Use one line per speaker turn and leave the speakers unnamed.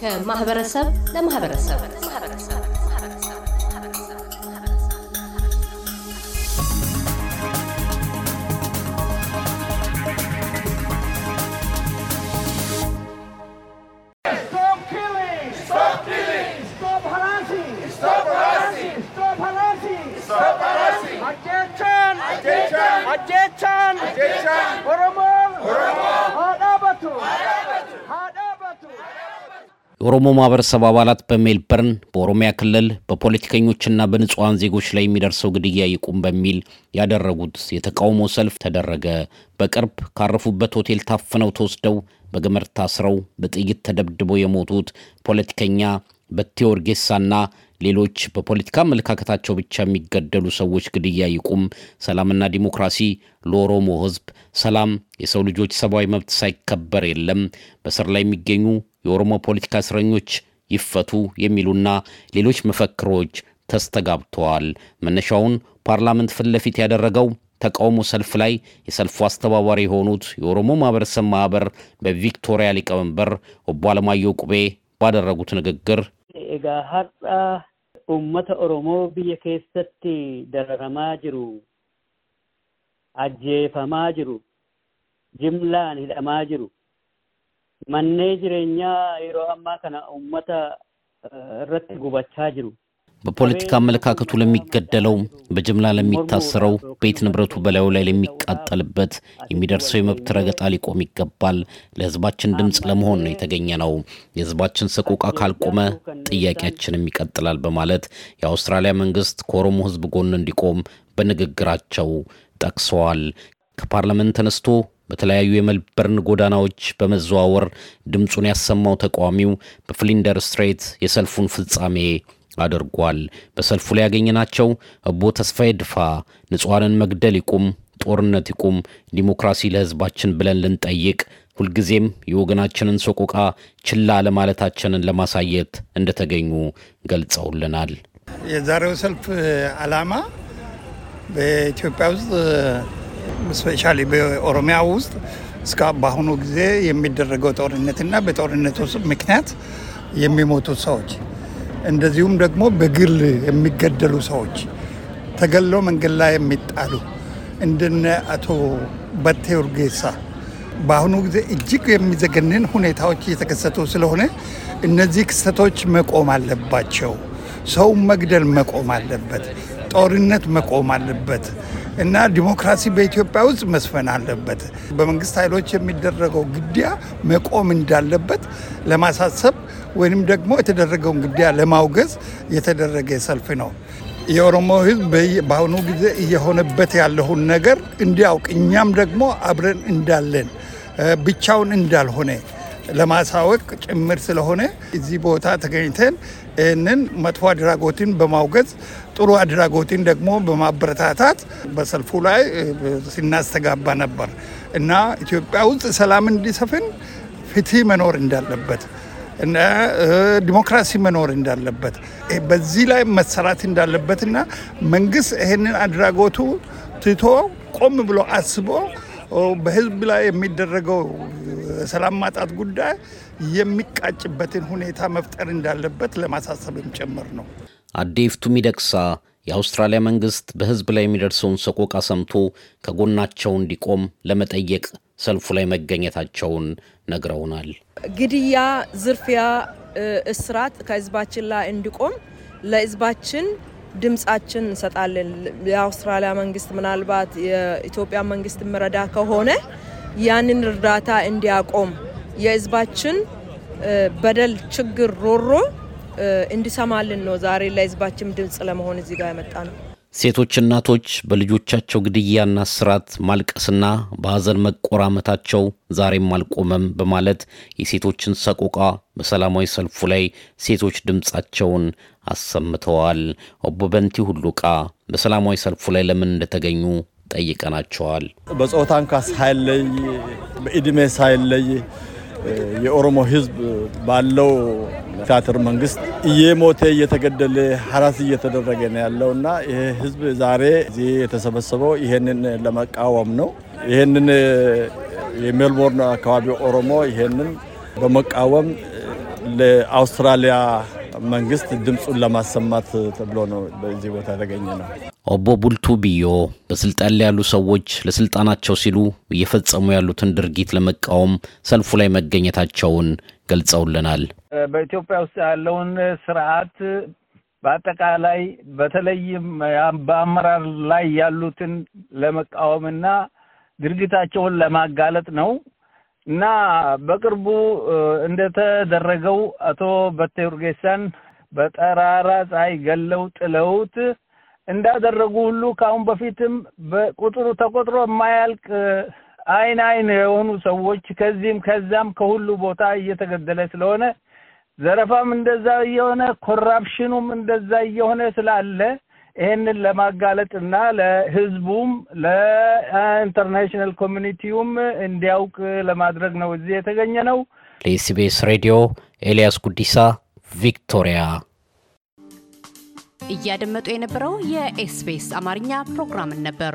ከማህበረሰብ
ለማህበረሰብ
የኦሮሞ ማህበረሰብ አባላት በሜልበርን በኦሮሚያ ክልል በፖለቲከኞችና በንጹሐን ዜጎች ላይ የሚደርሰው ግድያ ይቁም በሚል ያደረጉት የተቃውሞ ሰልፍ ተደረገ። በቅርብ ካረፉበት ሆቴል ታፍነው ተወስደው በገመድ ታስረው በጥይት ተደብድበው የሞቱት ፖለቲከኛ በቴ ኦርጌሳና ሌሎች በፖለቲካ አመለካከታቸው ብቻ የሚገደሉ ሰዎች ግድያ ይቁም፣ ሰላምና ዲሞክራሲ ለኦሮሞ ህዝብ ሰላም የሰው ልጆች ሰብአዊ መብት ሳይከበር የለም፣ በስር ላይ የሚገኙ የኦሮሞ ፖለቲካ እስረኞች ይፈቱ የሚሉና ሌሎች መፈክሮች ተስተጋብተዋል። መነሻውን ፓርላመንት ፊት ለፊት ያደረገው ተቃውሞ ሰልፍ ላይ የሰልፉ አስተባባሪ የሆኑት የኦሮሞ ማህበረሰብ ማህበር በቪክቶሪያ ሊቀመንበር ኦቦ አለማየሁ ቁቤ ባደረጉት ንግግር ኤጋ ሀራ ኡመተ ኦሮሞ ብየ ኬሰቲ ደረረማ ጅሩ አጄፈማ ጅሩ ጅምላን ሂደማ ጅሩ mannee jireenyaa yeroo ammaa kana uummata eh, irratti gubachaa jiru። በፖለቲካ አመለካከቱ ለሚገደለው፣ በጅምላ ለሚታሰረው፣ ቤት ንብረቱ በላዩ ላይ ለሚቃጠልበት የሚደርሰው የመብት ረገጣ ሊቆም ይገባል። ለህዝባችን ድምፅ ለመሆን ነው የተገኘ ነው። የህዝባችን ሰቆቃ ካልቆመ ጥያቄያችንም ይቀጥላል በማለት የአውስትራሊያ መንግስት ከኦሮሞ ህዝብ ጎን እንዲቆም በንግግራቸው ጠቅሰዋል። ከፓርላመንት ተነስቶ በተለያዩ የመልበርን ጎዳናዎች በመዘዋወር ድምፁን ያሰማው ተቃዋሚው በፍሊንደር ስትሬት የሰልፉን ፍጻሜ አድርጓል። በሰልፉ ላይ ያገኘናቸው እቦ ተስፋዬ ድፋ ንጹሐንን መግደል ይቁም፣ ጦርነት ይቁም፣ ዲሞክራሲ ለህዝባችን ብለን ልንጠይቅ ሁልጊዜም የወገናችንን ሰቆቃ ችላ ለማለታችንን ለማሳየት እንደተገኙ ገልጸውልናል።
የዛሬው ሰልፍ ዓላማ በኢትዮጵያ ውስጥ ስፔሻሊ በኦሮሚያ ውስጥ እስከ በአሁኑ ጊዜ የሚደረገው ጦርነትና በጦርነቱ ምክንያት የሚሞቱት ሰዎች እንደዚሁም ደግሞ በግል የሚገደሉ ሰዎች ተገሎ መንገድ ላይ የሚጣሉ እንደነ አቶ በቴ ኡርጌሳ በአሁኑ ጊዜ እጅግ የሚዘገንን ሁኔታዎች እየተከሰቱ ስለሆነ እነዚህ ክስተቶች መቆም አለባቸው። ሰው መግደል መቆም አለበት። ጦርነት መቆም አለበት። እና ዲሞክራሲ በኢትዮጵያ ውስጥ መስፈን አለበት። በመንግስት ኃይሎች የሚደረገው ግድያ መቆም እንዳለበት ለማሳሰብ ወይም ደግሞ የተደረገውን ግድያ ለማውገዝ የተደረገ ሰልፍ ነው። የኦሮሞ ህዝብ በአሁኑ ጊዜ እየሆነበት ያለውን ነገር እንዲያውቅ እኛም ደግሞ አብረን እንዳለን ብቻውን እንዳልሆነ ለማሳወቅ ጭምር ስለሆነ እዚህ ቦታ ተገኝተን ይህንን መጥፎ አድራጎትን በማውገዝ ጥሩ አድራጎትን ደግሞ በማበረታታት በሰልፉ ላይ ሲናስተጋባ ነበር እና ኢትዮጵያ ውስጥ ሰላም እንዲሰፍን ፍትህ መኖር እንዳለበት እና ዲሞክራሲ መኖር እንዳለበት በዚህ ላይ መሰራት እንዳለበት እና መንግስት ይህንን አድራጎቱ ትቶ ቆም ብሎ አስቦ በህዝብ ላይ የሚደረገው ሰላም ማጣት ጉዳይ የሚቃጭበትን ሁኔታ መፍጠር እንዳለበት ለማሳሰብም ጭምር ነው።
አዴፍቱ ሚደቅሳ የአውስትራሊያ መንግስት በህዝብ ላይ የሚደርሰውን ሰቆቃ ሰምቶ ከጎናቸው እንዲቆም ለመጠየቅ ሰልፉ ላይ መገኘታቸውን ነግረውናል። ግድያ፣ ዝርፊያ፣ እስራት ከህዝባችን ላይ እንዲቆም ለህዝባችን ድምጻችን እንሰጣለን። የአውስትራሊያ መንግስት ምናልባት የኢትዮጵያ መንግስት ምረዳ ከሆነ ያንን እርዳታ እንዲያቆም የህዝባችን በደል ችግር ሮሮ እንዲሰማልን ነው ዛሬ ለህዝባችን ድምጽ ለመሆን እዚህ ጋር የመጣ ነው። ሴቶች እናቶች በልጆቻቸው ግድያና ስራት ማልቀስና በሐዘን መቆራመታቸው ዛሬም አልቆመም በማለት የሴቶችን ሰቆቃ በሰላማዊ ሰልፉ ላይ ሴቶች ድምፃቸውን አሰምተዋል። ኦቦ በንቲ ሁሉቃ በሰላማዊ ሰልፉ ላይ ለምን እንደተገኙ ጠይቀናቸዋል።
በጾታን ካስ ሳይለይ በዕድሜ ሳይለይ የኦሮሞ ህዝብ ባለው ታትር መንግስት እየሞተ እየተገደለ ሀራስ እየተደረገ ነው ያለው እና ይህ ህዝብ ዛሬ እዚህ የተሰበሰበው ይሄንን ለመቃወም ነው። ይሄንን የሜልቦርን አካባቢ ኦሮሞ ይሄንን በመቃወም ለአውስትራሊያ መንግስት ድምፁን ለማሰማት ተብሎ ነው በዚህ ቦታ የተገኘ ነው።
ኦቦ ቡልቱ ብዮ በስልጣን ላይ ያሉ ሰዎች ለስልጣናቸው ሲሉ እየፈጸሙ ያሉትን ድርጊት ለመቃወም ሰልፉ ላይ መገኘታቸውን ገልጸውልናል።
በኢትዮጵያ ውስጥ ያለውን ስርዓት በአጠቃላይ በተለይም በአመራር ላይ ያሉትን ለመቃወምና ድርጊታቸውን ለማጋለጥ ነው። እና በቅርቡ እንደተደረገው አቶ በቴ ኡርጌሳን በጠራራ ፀሐይ ገለው ጥለውት እንዳደረጉ ሁሉ ከአሁን በፊትም በቁጥሩ ተቆጥሮ የማያልቅ አይን አይን የሆኑ ሰዎች ከዚህም ከዛም ከሁሉ ቦታ እየተገደለ ስለሆነ ዘረፋም እንደዛ እየሆነ ኮራፕሽኑም እንደዛ እየሆነ ስላለ ይህንን ለማጋለጥ እና ለህዝቡም ለኢንተርናሽናል ኮሚኒቲውም እንዲያውቅ ለማድረግ ነው እዚህ የተገኘ ነው።
ለኤስቢኤስ ሬዲዮ ኤልያስ ጉዲሳ ቪክቶሪያ። እያደመጡ የነበረው የኤስቢኤስ አማርኛ ፕሮግራምን ነበር።